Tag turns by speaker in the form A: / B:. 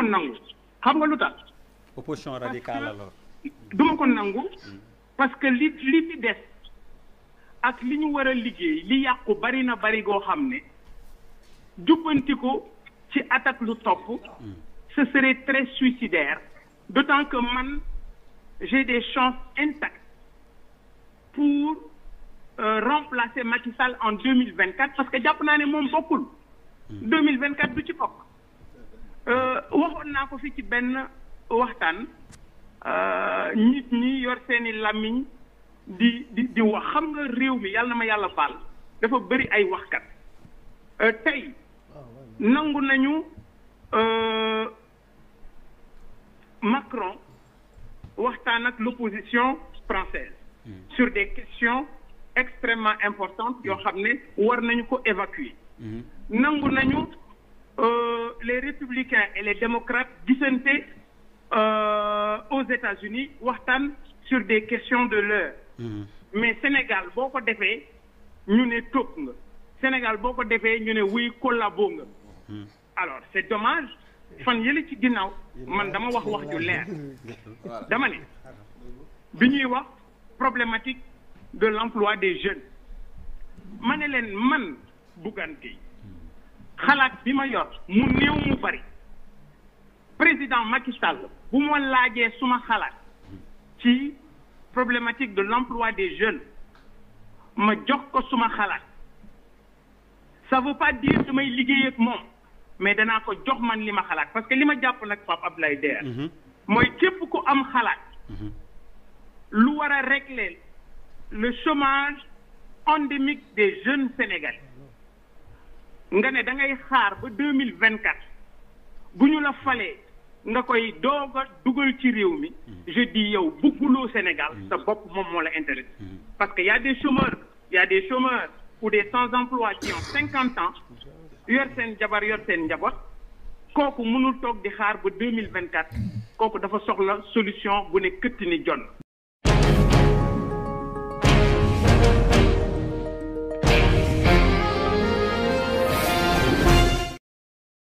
A: ko nangu xam nga lu tax. opposition radicale alors. du ma ko nangu. parce que li li ak li ñu war a liggéey li yàqu bari na bari goo xam ni jubbanti ko ci attaque lu topp. Hmm. ce serait très suicidaire d'autant que man j'ai des chances intactes pour euh, remplacer Macky Sall en deux mille vingt quatre parce que jàpp naa ne moom bokkul. Hmm. mille vingt quatre du ci bokk. waxoon naa ko fi ci benn waxtaan euh, nit ñi yor seeni làmmiñ di di di wax xam nga réew mi yàlla na ma yàlla baal dafa bëri ay waxkat euh, tey nangu nañu euh, Macron waxtaan ak l'opposition française mm. sur des questions extrêmement importantes yoo mm. xam ne war nañu ko évacuer mm. nangu nañu les républicains et les démocrates gisante euh, aux États-Unis waxtaan sur des questions de l'heure mm-hmm. mais Sénégal boo ko defee ñu ne toog nga Sénégal boo ko defee ñu ne wuy collabo nga mm-hmm. alors c'est dommage fan yële ci ginnaaw man dama wax wax ñu leer dama ne bi ñuy wax problématique de l'emploi des jeunes ma leen man Bougane Gueye xalaat bi ma yor mu néew mu bari président Macky Sall bu ma laajee suma xalaat ci problématique de l'emploi des jeunes ma jox ko suma xalaat ça veut pas dire damay liggéey ak moom mais danaa ko jox man li ma xalaat parce que li ma jàpp nag Pape Abdoulaye Der mhm. mooy képp ko am xalaat mhm. lu war a régler le chômage endémique des jeunes sénégalais nga ne da ngay xaar ba deux mille vingt quatre bu ñu la falee nga koy doog a dugal ci réew mi mm-hmm. je dis yow bugguloo Sénégal mm-hmm. sa bopp moom moo la intéressé mm-hmm. parce que y a des chômeurs y a des chômeurs ou des sans emploi qui ont cinquante ans yor seen jabar yor seen njaboot kooku mënul toog di xaar ba deux mille vingt quatre kooku dafa soxla solution bu ne këtti ni jonn